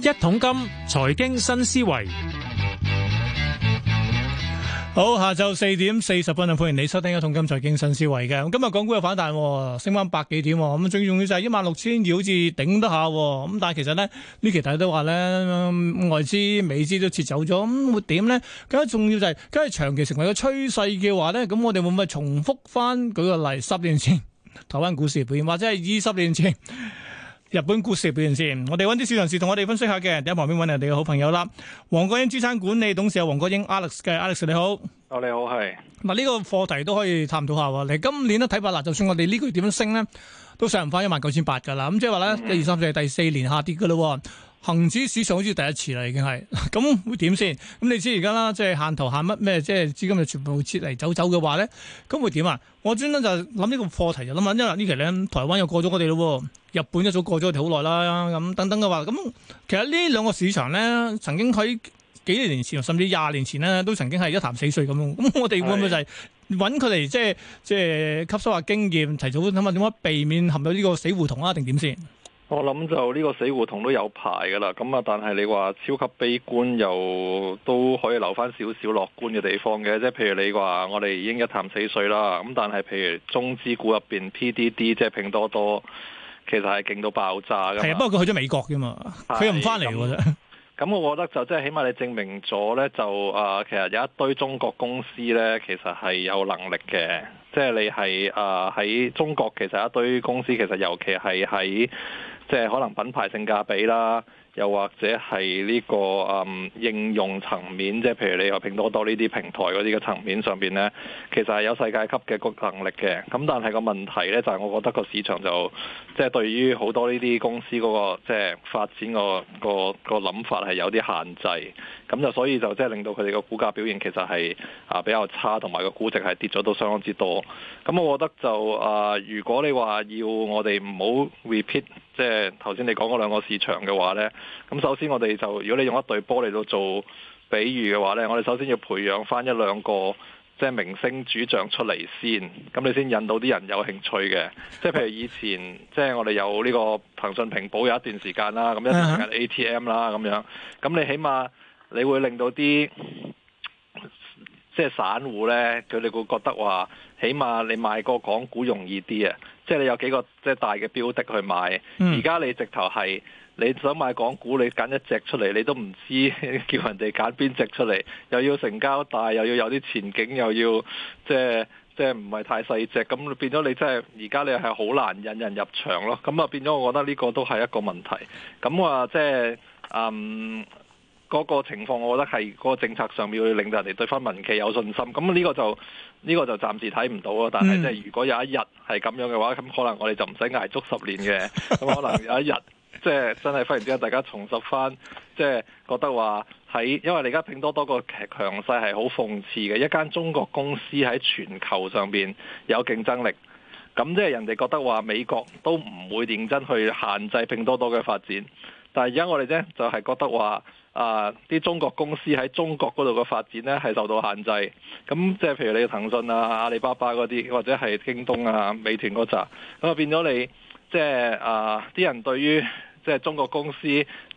一桶金財經新思維，好，下晝四點四十分啊！歡迎你收聽一桶金財經新思維嘅。今日港股又反彈，哦，升翻百幾點，哦，咁最重要就係一萬六千二好似頂得下，哦，咁但係其實呢，呢期大家都話咧外資、美資都撤走咗，咁、嗯、會點咧？更加重要就係，梗係長期成為個趨勢嘅話咧，咁我哋會唔會重複翻舉個例？十年前台灣股市表現，或者係二十年前？日本股市表現先，我哋揾啲市場人士同我哋分析下嘅，人，喺旁邊揾人哋嘅好朋友啦。黃國英資產管理董事有黃國英 Alex 嘅 Alex 你好，我、哦、你好係。嗱呢個課題都可以探討下喎。你今年都睇法嗱，就算我哋呢個月點樣升咧，都上唔翻一萬九千八噶啦。咁即係話咧，一二三四第四年下跌噶啦。恒指史上好似第一次啦，已經係咁，會點先？咁、嗯、你知而家啦，即係限頭限乜咩，即係資金就全部撤嚟走走嘅話咧，咁會點啊？我專登就諗呢個課題就諗下，因為期呢期咧台灣又過咗我哋咯，日本一早過咗我哋好耐啦，咁等等嘅話，咁、嗯、其實呢兩個市場咧曾經喺幾年前甚至廿年前咧都曾經係一潭死水咁樣，咁、嗯、我哋會唔會就係揾佢哋即係即係吸收下經驗，提早諗下點樣避免陷入呢個死胡同啊？定點先？我諗就呢個死胡同都有排噶啦，咁啊，但係你話超級悲觀又都可以留翻少少樂觀嘅地方嘅，即係譬如你話我哋已經一潭死水啦，咁但係譬如中資股入邊 PDD 即係拼多多，其實係勁到爆炸嘅。係啊，不過佢去咗美國啫嘛，佢又唔翻嚟嘅啫。咁我覺得就即係起碼你證明咗呢，就啊、呃，其實有一堆中國公司呢，其實係有能力嘅。即係你係啊喺中國，其實一堆公司，其實尤其係喺。即係可能品牌性價比啦。又或者係呢、這個啊、嗯、應用層面，即係譬如你話拼多多呢啲平台嗰啲嘅層面上邊呢，其實係有世界級嘅個能力嘅。咁但係個問題呢，就係、是、我覺得個市場就即係、就是、對於好多呢啲公司嗰、那個即係、就是、發展、那個、那個個諗法係有啲限制。咁就所以就即係令到佢哋個股價表現其實係啊比較差，同埋個估值係跌咗都相當之多。咁我覺得就啊、呃，如果你話要我哋唔好 repeat，即係頭先你講嗰兩個市場嘅話呢。咁首先我哋就如果你用一對波嚟到做比喻嘅話呢，我哋首先要培養翻一兩個即係明星主將出嚟先，咁你先引到啲人有興趣嘅。即係譬如以前，即係我哋有呢、這個騰訊平保有一段時間啦，咁一段時間 ATM 啦咁樣，咁你起碼你會令到啲即係散戶呢，佢哋會覺得話，起碼你賣個港股容易啲啊！即係你有幾個即係大嘅標的去買，而家你直頭係。你想買港股，你揀一隻出嚟，你都唔知 叫人哋揀邊隻出嚟，又要成交大，又要有啲前景，又要即係即係唔係太細隻，咁變咗你即係而家你係好難引人入場咯。咁啊變咗，我覺得呢個都係一個問題。咁啊即係嗯嗰個情況，我覺得係嗰個政策上面要令到人哋對翻民企有信心。咁呢個就呢個就暫時睇唔到咯。但係即係如果有一日係咁樣嘅話，咁可能我哋就唔使捱足十年嘅，咁可能有一日。 即係真係忽然之間，大家重拾翻，即係覺得話喺，因為你而家拼多多個強勢係好諷刺嘅，一間中國公司喺全球上邊有競爭力，咁即係人哋覺得話美國都唔會認真去限制拼多多嘅發展，但係而家我哋咧就係、是、覺得話，啊、呃、啲中國公司喺中國嗰度嘅發展咧係受到限制，咁即係譬如你騰訊啊、阿里巴巴嗰啲，或者係京東啊、美團嗰扎，咁啊變咗你。即係啊，啲、呃、人對於即係中國公司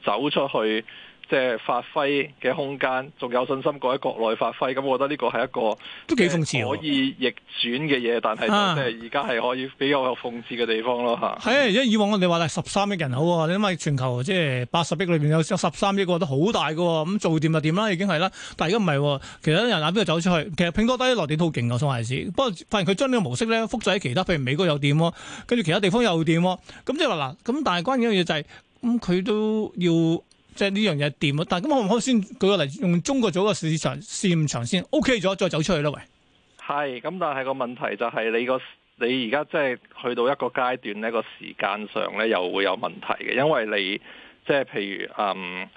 走出去。即係發揮嘅空間，仲有信心過喺國內發揮咁，我覺得呢個係一個都幾諷刺、嗯、可以逆轉嘅嘢，但係即係而家係可以比較有諷刺嘅地方咯嚇。係啊、嗯，因為以往我哋話啦，十三億人口啊，你諗下全球即係八十億裏邊有十三億，個都好大㗎咁、嗯、做掂就掂啦，已經係啦。但係而家唔係，其他啲人喺邊度走出去？其實拼多多啲內地都勁嘅，宋艾師。不過發現佢將呢個模式咧複製喺其他，譬如美國又掂，跟住其他地方又掂咁，即係話嗱咁。但係關鍵嘅嘢就係、是、咁，佢、就是嗯、都要。即係呢樣嘢掂咯，但係咁可唔可以先舉個例子，用中國組個市場試驗場先 OK 咗，再走出去咯，喂。係，咁但係個問題就係、是、你個你而家即係去到一個階段呢個時間上呢，又會有問題嘅，因為你即係譬如嗯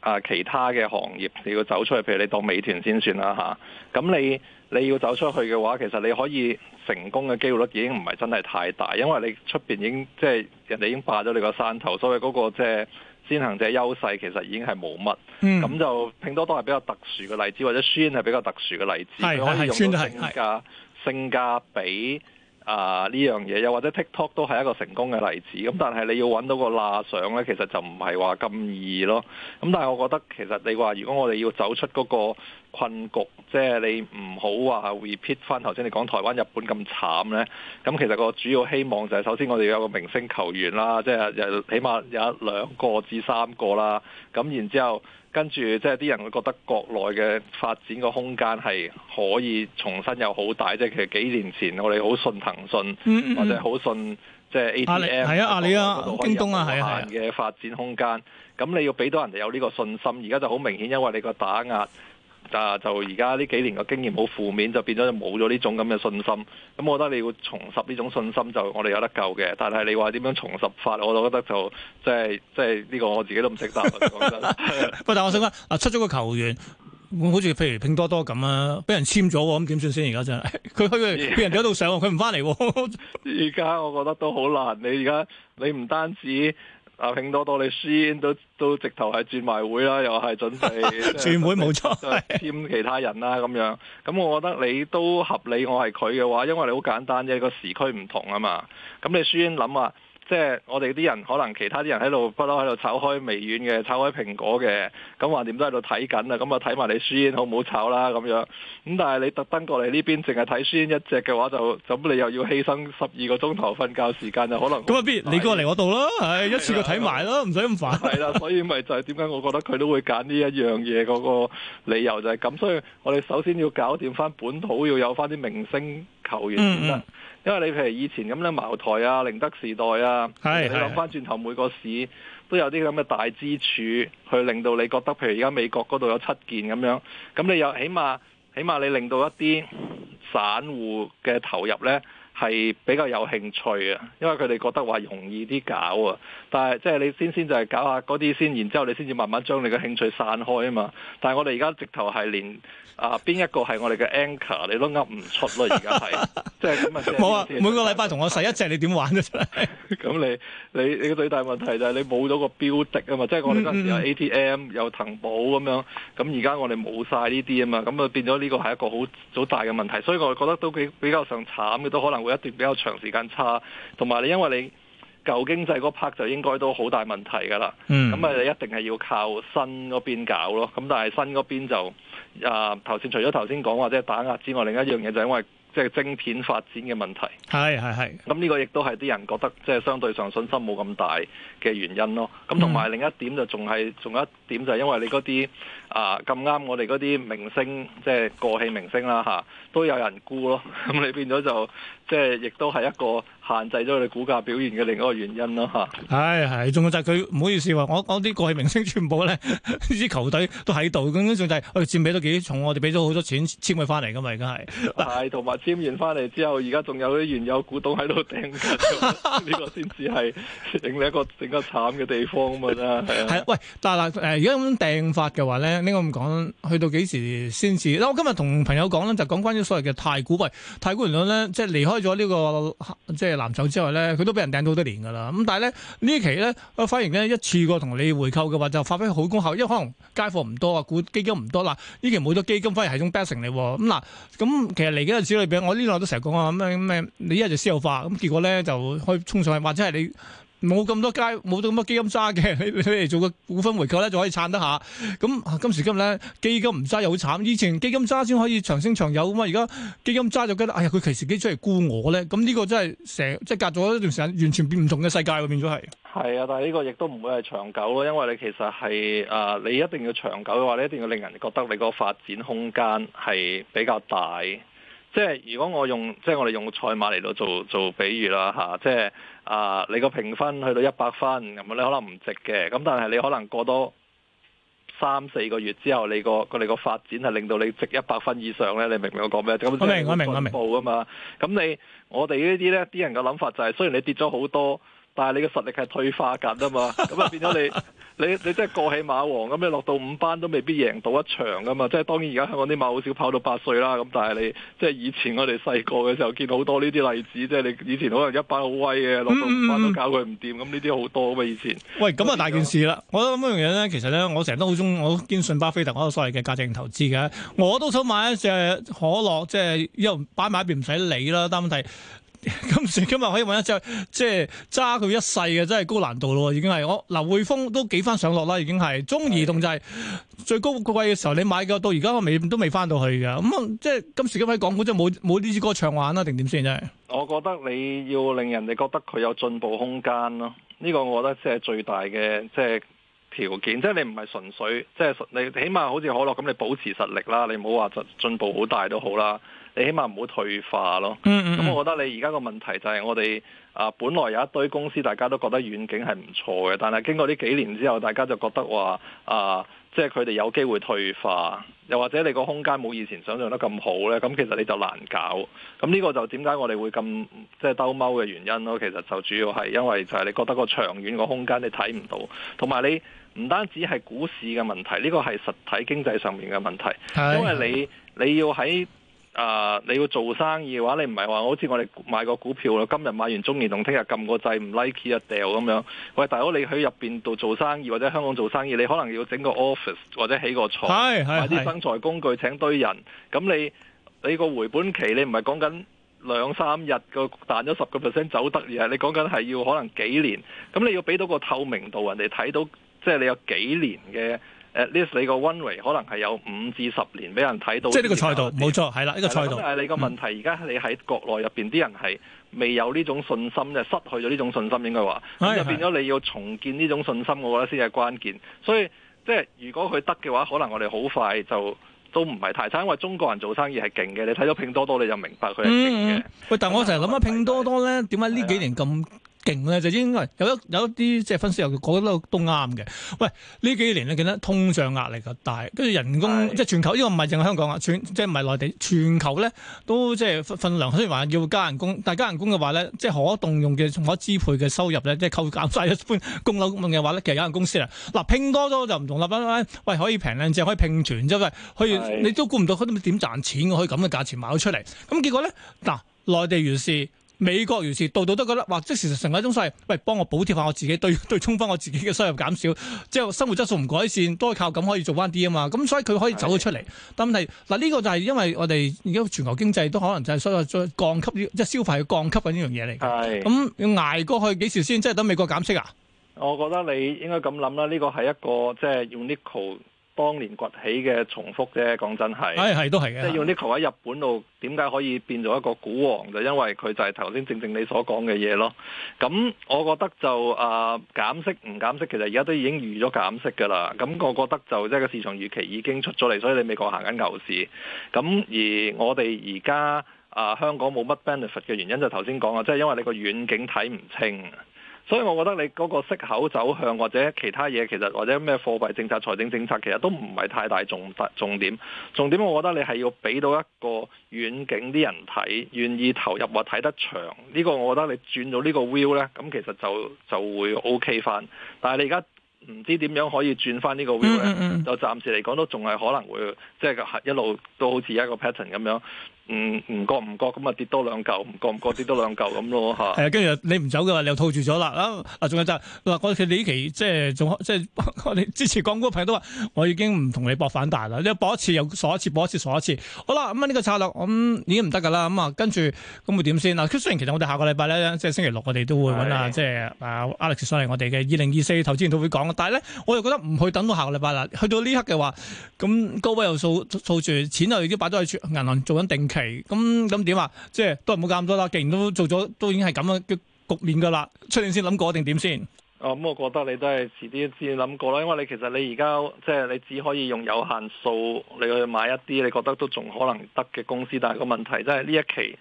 啊其他嘅行業你要走出去，譬如你當美團先算啦吓，咁你你要走出去嘅話，其實你可以成功嘅機會率已經唔係真係太大，因為你出邊已經即係人哋已經霸咗你個山頭，所以嗰個即係。先行者優勢其實已經係冇乜。咁、嗯、就拼多多係比較特殊嘅例子，或者酸係比較特殊嘅例子，佢可以用到性價、性價比啊呢、呃、樣嘢，又或者 TikTok 都係一個成功嘅例子。咁但係你要揾到個罅上呢，其實就唔係話咁易咯。咁但係我覺得其實你話如果我哋要走出嗰、那個困局，即係你唔好話 repeat 翻頭先你講台灣、日本咁慘咧。咁其實個主要希望就係，首先我哋要有個明星球員啦，即係又起碼有一兩個至三個啦。咁然之後跟住，即係啲人會覺得國內嘅發展個空間係可以重新又好大。即係其實幾年前我哋好信騰訊，或者好信即係 ATM，係、嗯嗯嗯、啊，阿里啊，京東啊，係啊，有限嘅發展空間，咁、嗯嗯、你要俾到人哋有呢個信心。而家就好明顯，因為你個打壓。啊、就而家呢幾年嘅經驗好負面，就變咗就冇咗呢種咁嘅信心。咁、嗯、我覺得你要重拾呢種信心，就我哋有得救嘅。但係你話點樣重拾法，我就覺得就即係即係呢個我自己都唔識答。講 真。喂，但我想問，啊出咗個球員，好似譬如拼多多咁啊，俾人簽咗，咁點算先？而家真係佢佢俾人走咗路上，佢唔翻嚟。而家我覺得都好難。你而家你唔單止。啊！拼多多你先都都直頭係轉埋會啦，又係準備 轉會冇錯，簽其他人啦咁樣。咁、嗯、我覺得你都合理，我係佢嘅話，因為你好簡單，啫，個時區唔同啊嘛。咁、嗯、你先諗下。即係我哋啲人，可能其他啲人喺度不嬲喺度炒開微軟嘅，炒開蘋果嘅，咁話點都喺度睇緊啦，咁啊睇埋你書煙好唔好炒啦咁樣。咁但係你特登過嚟呢邊，淨係睇書煙一隻嘅話，就咁你又要犧牲十二個鐘頭瞓覺時間，就可能咁啊？必你過嚟我度啦，唉，啊、一次過睇埋咯，唔使咁煩。係啦、啊，所以咪就係點解我覺得佢都會揀呢一樣嘢嗰個理由就係咁。所以我哋首先要搞掂返本土，要有返啲明星球員先得。嗯嗯。因為你譬如以前咁咧，茅台啊、寧德時代啊， 你諗翻轉頭，每個市都有啲咁嘅大支柱，去令到你覺得，譬如而家美國嗰度有七件咁樣，咁你又起碼起碼你令到一啲散戶嘅投入咧。係比較有興趣啊，因為佢哋覺得話容易啲搞啊，但係即係你先先就係搞下嗰啲先，然之後你先至慢慢將你嘅興趣散開啊嘛。但係我哋而家直頭係連啊邊、呃、一個係我哋嘅 anchor，你都噏唔出咯，而家係即係咁啊！冇啊是，每個禮拜同我洗一隻， 你點玩得出嚟？咁你你你嘅最大問題就係你冇到個標的啊嘛，即係我哋嗰陣時有 ATM 有騰寶咁樣，咁而家我哋冇晒呢啲啊嘛，咁啊變咗呢個係一個好好大嘅問題，所以我覺得都幾比較上慘嘅，都可能會。一段比較長時間差，同埋你因為你舊經濟嗰 part 就應該都好大問題㗎啦。嗯，咁啊你一定係要靠新嗰邊搞咯。咁但係新嗰邊就啊頭先除咗頭先講話即係、就是、打壓之外，另一樣嘢就因為即係、就是、晶片發展嘅問題。係係係。咁呢個亦都係啲人覺得即係、就是、相對上信心冇咁大嘅原因咯。咁同埋另一點就仲係仲有一點就係因為你嗰啲。啊，咁啱我哋嗰啲明星，即係過氣明星啦，吓、啊、都有人沽咯。咁你變咗就，即係亦都係一個限制咗我哋股價表現嘅另一個原因咯，吓、啊。係係、 哎，仲就係佢唔好意思話，我我啲過氣明星全部咧，呢支球隊都喺度，咁樣就係、是，我先俾咗幾重，我哋俾咗好多錢簽佢翻嚟噶嘛，而家係。係，同埋簽完翻嚟之後，而家仲有啲原有股東喺度掟，呢個先至係令你一個整個慘嘅地方咁啊，係啊。係，喂，但係誒，而家咁樣掟法嘅話咧？應該咁講，去到幾時先至？嗱，我今日同朋友講咧，就講關於所謂嘅太古，喂，太古原來咧，即係離開咗、這個就是、呢個即係藍籌之外咧，佢都俾人掟到好多年噶啦。咁但係咧，呢期咧，反而咧一次過同你回購嘅話，就發揮好功效，因為可能街貨唔多啊，股基金唔多。嗱，呢期冇咗基金，反而係種 basing 嚟。咁、嗯、嗱，咁其實嚟緊嘅此類餅，我呢兩日都成日講啊，咩咩，你一日就私有化，咁結果咧就可以衝上去，或者你。冇咁多街，冇到咁多基金揸嘅，你嚟做個股份回購咧，就可以撐得下。咁今時今日咧，基金唔揸又好慘。以前基金揸先可以長升長有啊嘛，而家基金揸就覺得，哎呀，佢隨時擠出嚟沽我咧。咁呢個真係成即係隔咗一段時間，完全變唔同嘅世界喎，啊，變咗係。係啊，但係呢個亦都唔會係長久咯，因為你其實係誒、呃，你一定要長久嘅話，你一定要令人覺得你個發展空間係比較大。即係如果我用即係我哋用賽馬嚟到做做比喻啦吓，即係啊、呃、你個評分去到一百分，咁你可能唔值嘅，咁但係你可能過多三四個月之後，你個個你個發展係令到你值一百分以上咧，你明唔明我講咩？咁即係進步噶嘛。我明，我明，我明。咁你我哋呢啲咧，啲人嘅諗法就係、是、雖然你跌咗好多。但係你嘅實力係退化緊啊嘛，咁啊 變咗你你你即係過氣馬王咁，你落到五班都未必贏到一場噶嘛。即係當然而家香港啲馬好少跑到八歲啦，咁但係你即係以前我哋細個嘅時候見到好多呢啲例子，即係你以前可能一班好威嘅，落到五班都搞佢唔掂，咁呢啲好多啊嘛，以前。喂，咁啊大件事啦！我覺得咁樣樣咧，其實咧，我成日都好中，我堅信巴菲特嗰個所謂嘅價值投資嘅，我都想買一隻可樂，即係因為擺埋一邊唔使理啦。但問題， 今時今日可以揾一隻即係揸佢一世嘅，真係高難度咯，已經係我。匯豐都幾翻上落啦，已經係中移動就係、是、是的 最高嗰位嘅時候，你買嘅到而家我未都未翻到去嘅。咁即係今時今日港股即係冇冇呢支歌唱玩啦、啊，定點先真係？我覺得你要令人哋覺得佢有進步空間咯，呢、這個我覺得即係最大嘅即係條件。即係你唔係純粹即係你起碼好似可樂咁，你保持實力啦。你唔好話進步大好大都好啦。你起碼唔好退化咯。咁、嗯嗯嗯嗯、我覺得你而家個問題就係我哋啊、呃，本來有一堆公司，大家都覺得遠景係唔錯嘅。但係經過呢幾年之後，大家就覺得話啊、呃，即係佢哋有機會退化，又或者你個空間冇以前想象得咁好咧。咁、嗯、其實你就難搞。咁、嗯、呢、這個就點解我哋會咁即係兜踎嘅原因咯？其實就主要係因為就係你覺得個長遠個空間你睇唔到，同埋你唔單止係股市嘅問題，呢、這個係實體經濟上面嘅問題，嗯嗯因為你你要喺。啊！Uh, 你要做生意嘅話，你唔係話好似我哋買個股票啦，今日買完中移動，聽日撳個掣唔 like 啊掉咁樣。喂，大佬你喺入邊度做生意或者香港做生意，你可能要整個 office 或者起個廠， 買啲生財工具，請堆人。咁你你個回本期你唔係講緊兩三日個彈咗十個 percent 走得嘅，你講緊係要可能幾年。咁你要俾到個透明度，人哋睇到即係、就是、你有幾年嘅。At least 你個 one way 可能係有五至十年俾人睇到，即係呢個賽道，冇是錯，係啦了，呢個賽道。但係你個問題，而家、嗯、你喺國內入邊啲人係未有呢種信心，就失去咗呢種信心，應該話，咁是是 就變咗你要重建呢種信心，我覺得先係關鍵。所以即係如果佢得嘅話，可能我哋好快就都唔係太差，因為中國人做生意係勁嘅。你睇到拼多多，你就明白佢係勁嘅。喂、嗯嗯，但我成日諗下，啊、拼多多咧點解呢幾年咁？就 應該有一有一啲即係分析又覺得都啱嘅。喂，呢幾年咧見得通脹壓力嘅大，跟住人工是 即係全球呢個唔係淨係香港啊，即係唔係內地，全球咧都即係份量，雖然話要加人工。但加人工嘅話咧，即係可動用嘅、可支配嘅收入咧，即係扣減晒一般供樓用嘅話咧，其實有間公司啦。嗱，拼多多就唔同啦。喂，可以平兩隻，可以拼團啫。喂，可以你都估唔到佢點賺錢，可以咁嘅價錢賣到出嚟。咁結果咧，嗱，內地如是。美國如是度度都，都覺得，哇！即時成為一種所謂，喂，幫我補貼下我自己，對對沖翻我自己嘅收入減少，之後生活質素唔改善，都靠咁可以做翻啲啊嘛。咁所以佢可以走咗出嚟。問題嗱呢個就係因為我哋而家全球經濟都可能就係所有再降級，即、就、係、是、消費降級嘅呢樣嘢嚟。係的。咁要、嗯、捱過去幾時先？即係等美國減息啊？我覺得你應該咁諗啦。呢個係一個即係用呢個。當年崛起嘅重複啫，講真係，誒係都係嘅。 即係用呢球喺日本度，點解可以變做一個股王？就因為佢就係頭先正正你所講嘅嘢咯。咁我覺得就啊、呃、減息唔減息，其實而家都已經預咗減息㗎啦。咁我覺得就即係個市場預期已經出咗嚟，所以你美國行緊牛市。咁而我哋而家啊香港冇乜 benefit 嘅原因就，就頭先講啊，即係因為你個遠景睇唔清，所以我覺得你嗰個息口走向或者其他嘢，其實或者咩貨幣政策、財政政策，其實都唔係太大重大重點。重點我覺得你係要俾到一個遠景啲人睇，願意投入或睇得長。呢、這個我覺得你轉咗呢個 view 呢，咁其實就就會 OK 翻。但係你而家。唔知點樣可以轉翻呢個 view 就暫時嚟講都仲係可能會即係一路都好似一個 pattern 咁樣，唔唔覺唔覺咁啊跌多兩嚿，唔覺唔覺跌多兩嚿咁咯嚇。係啊，跟住你唔走嘅話，你又套住咗啦啊！仲有就嗱，我其實呢期即係仲即係我哋支持港股嘅朋友都話，我已經唔同你搏反彈啦，你搏一次又鎖一次，搏一次鎖一次。好啦，咁啊呢個策略咁已經唔得噶啦，咁啊跟住咁會點先嗱？雖然其實我哋下個禮拜咧，即係星期六我哋都會揾啊，即係啊 Alex 上嚟我哋嘅二零二四投資圓桌會講。但係咧，我又覺得唔去等到下個禮拜啦。去到呢刻嘅話，咁高位又掃掃住，錢又已經擺咗喺銀行做緊定期。咁咁點啊？即係都唔好咁多啦。既然都做咗，都已經係咁樣嘅局面噶啦。出年先諗過定點先。哦，咁、嗯、我覺得你都係遲啲先諗過啦。因為你其實你而家即係你只可以用有限數你去買一啲你覺得都仲可能得嘅公司。但係個問題即係呢一期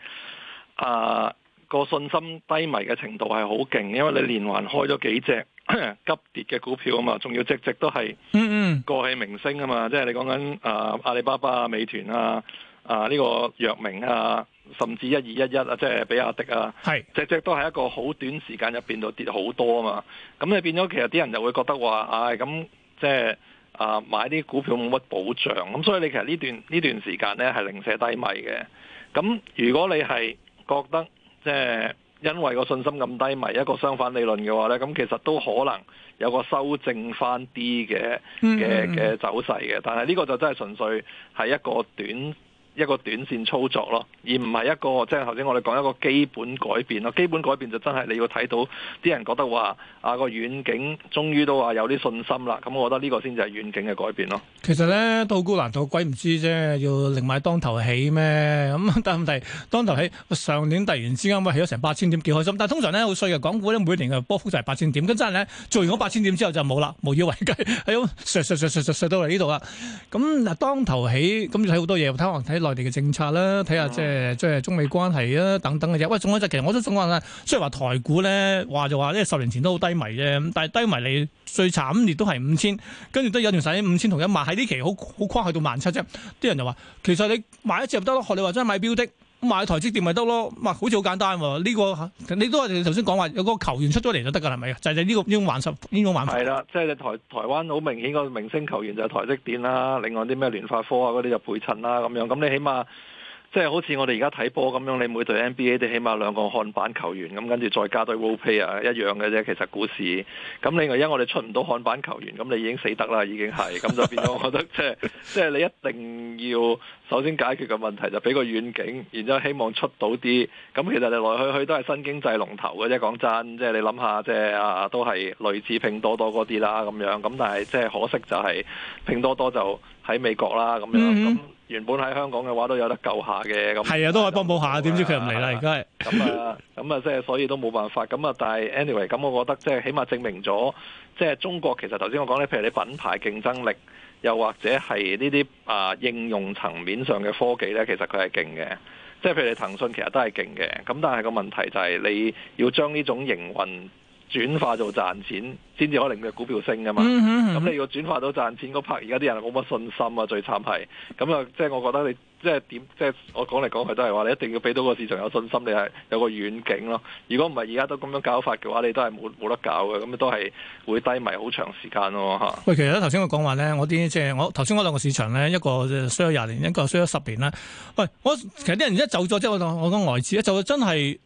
啊。呃個信心低迷嘅程度係好勁，因為你連環開咗幾隻 急跌嘅股票啊嘛，仲要隻只都係，嗯嗯，過氣明星啊嘛，即係你講緊啊阿里巴巴啊、美團啊、啊、呃、呢、呢個藥明啊，甚至一二一一啊，即係比亞迪啊，係只只都係一個好短時間入邊就跌好多啊嘛，咁你變咗其實啲人就會覺得話，唉、哎，咁即係啊買啲股票冇乜保障，咁所以你其實呢段呢段時間咧係零舍低迷嘅，咁如果你係覺得，即係因為個信心咁低迷，一個相反理論嘅話咧，咁其實都可能有個修正翻啲嘅嘅嘅走勢嘅，但係呢個就真係純粹係一個短。一個短線操作咯，而唔係一個即係頭先我哋講一個基本改變咯。基本改變就真係你要睇到啲人覺得話啊，個遠景終於都話有啲信心啦。咁我覺得呢個先就係遠景嘅改變咯。其實咧，到高難度鬼唔知啫，要另買當頭起咩？咁但係當頭起上年突然之間起咗成八千點，幾開心，但係通常咧，好衰嘅港股咧，每年嘅波幅就係八千點，咁真係咧，做完嗰八千點之後就冇啦，無以為繼，係咁衰衰衰衰衰衰到嚟呢度啦。咁嗱當頭起咁就睇好多嘢，睇睇內地嘅政策啦，睇下即係即係中美關係啊等等嘅啫。喂，仲有就其實我都想講啦，雖然話台股咧話就話呢十年前都好低迷嘅，但係低迷你最慘亦都係五千，跟住都有段使五千同一萬喺呢期好好跨去到萬七啫。啲人就話，其實你買一隻得，學你話齋買標的。買台積電咪得咯，咪好似好簡單。呢、這個你都係頭先講，話有嗰個球員出咗嚟就得噶係咪啊？就係、是、呢、這個呢種玩法，呢種玩法係啦。即係、就是、台台灣好明顯個明星球員就係台積電啦，另外啲咩聯發科啊嗰啲就陪襯啦咁樣。咁你起碼。即係好似我哋而家睇波咁樣，你每隊 NBA 都起碼兩個看板球員，咁跟住再加對 role player 一樣嘅啫。其實股市，咁你因為我哋出唔到看板球員，咁你已經死得啦，已經係，咁就變咗，我覺得即係 即係你一定要首先解決嘅問題，就俾個遠景，然之後希望出到啲。咁其實你來來去去都係新經濟龍頭嘅啫。講真，即係你諗下，即係啊，都係類似拼多多嗰啲啦咁樣。咁但係即係可惜就係拼多多就。喺美國啦咁樣，咁，嗯，原本喺香港嘅話都有得救下嘅，咁係啊都可以幫補下，點知佢唔嚟啦而家。咁啊咁啊，即係所以都冇辦法。咁啊，但係 anyway，咁我覺得即係起碼證明咗，即係中國其實頭先我講咧，譬如你品牌競爭力，又或者係呢啲啊應用層面上嘅科技咧，其實佢係勁嘅。即係譬如你騰訊其實都係勁嘅，咁但係個問題就係你要將呢種營運。轉化做賺錢，先至可能嘅股票升噶嘛。咁、嗯嗯嗯，你要轉化到賺錢嗰 part，而家啲人冇乜信心啊，最慘係。咁啊，即係我覺得你即係點，即係我講嚟講去都係話，你一定要俾到個市場有信心，你係有個遠景咯。如果唔係，而家都咁樣搞法嘅話，你都係冇冇得搞嘅。咁都係會低迷好長時間咯吓。喂，其實咧頭先我講話咧，我啲即係我頭先嗰兩個市場咧，一個即係衰咗廿年，一個衰咗十年啦。喂，我其實啲人一走咗之後，好多外資咧就真係。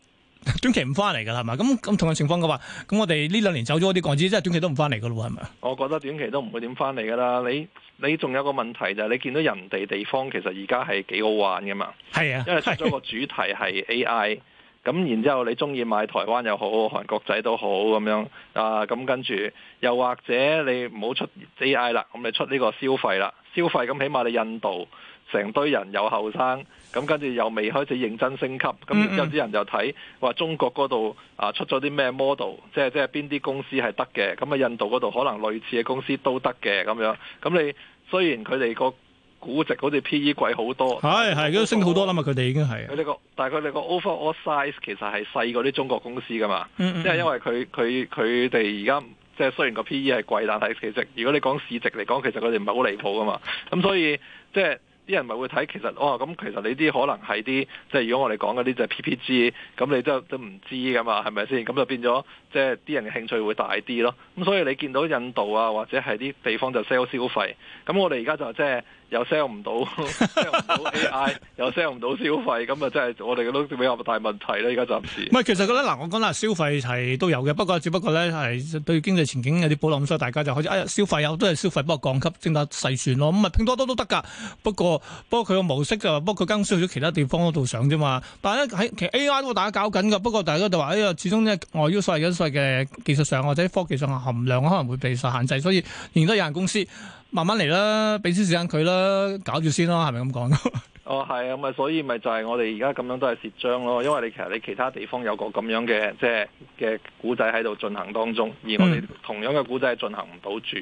短期唔翻嚟噶啦，係嘛？咁咁同樣情況嘅話，咁我哋呢兩年走咗啲港紙，真係短期都唔翻嚟噶咯，係咪？我覺得短期都唔會點翻嚟噶啦。你你仲有個問題就係，你見到人哋地方其實而家係幾好玩噶嘛？係是啊，因為出咗個主題係 A I，咁然之後你中意買台灣又好，韓國仔都好咁樣啊。咁跟住又或者你唔好出 A I 啦，咁你出呢個消費啦，消費咁起碼你印度成堆人有後生。咁跟住又未開始認真升級，咁有啲人就睇話中國嗰度啊出咗啲咩 model，即係即係邊啲公司係得嘅，咁啊印度嗰度可能類似嘅公司都得嘅咁樣。咁你雖然佢哋個估值好似 P/E 貴好多，係係都升好多啦嘛，佢哋們已經係。佢呢個，但係佢哋個 overall size 其實係細過啲中國公司噶嘛、嗯，即係因為佢佢佢哋而家即係雖然個 P/E 係貴，但係其實，如果你講市值嚟講，其實佢哋唔係好離譜噶嘛。咁所以即係。啲人咪會睇，其實哦，咁其實你啲可能係啲，即係如果我哋講嘅呢，就 PPG 咁你都都唔知噶嘛，係咪先？咁就變咗，即係啲人嘅興趣會大啲咯。咁所以你見到印度啊，或者係啲地方就 sell 消費，咁我哋而家就即係又 sell 唔到，sell 唔到 AI，又 sell 唔到消費，咁啊真係我哋都比較大問題啦。而家暫時唔係，其實覺得，嗱，我講啦，消費係都有嘅，不過只不過咧係對經濟前景有啲保留，咁所以大家就開始啊，消費有都係消費，不過降級精打細算咯。咁啊，拼多多都得㗎，不過。不過佢個模式就是，不過佢跟少咗其他地方嗰度上啫嘛。但係咧喺其 A I 都打搞緊噶，不過大家都話，哎呀，始終咧外於所謂嘅技術上或者科技上嘅含量可能會被受限制，所以而家有限公司慢慢嚟啦，俾少時間佢啦，搞住先啦，係咪咁講？ 哦，係啊，咪所以咪就係我哋而家咁樣都係蝕章咯，因為你其實你其他地方有個咁樣嘅即係。就是嘅股仔喺度進行當中，而我哋同樣嘅股仔進行唔到住，咁、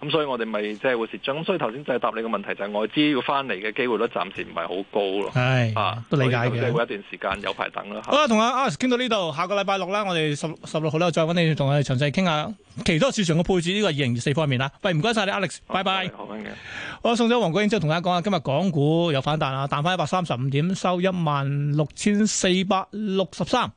嗯嗯、所以我哋咪即係會蝕章。咁所以頭先就係答你個問題，就係外資要翻嚟嘅機會率暫時唔係好高咯。係唉啊，都理解嘅。即、啊、一段時間有排等啦。呵呵好啦，同阿 Alex 傾到呢度，下個禮拜六啦，我哋十十六號咧再揾你同我哋詳細傾下其他市場嘅配置呢個二零二四方面啦。唔該晒你，Alex，好拜拜。好，我送咗黃國英之後，同大家講下今日港股有反彈啊，彈翻一百三十五點，收一萬六千四百六十三。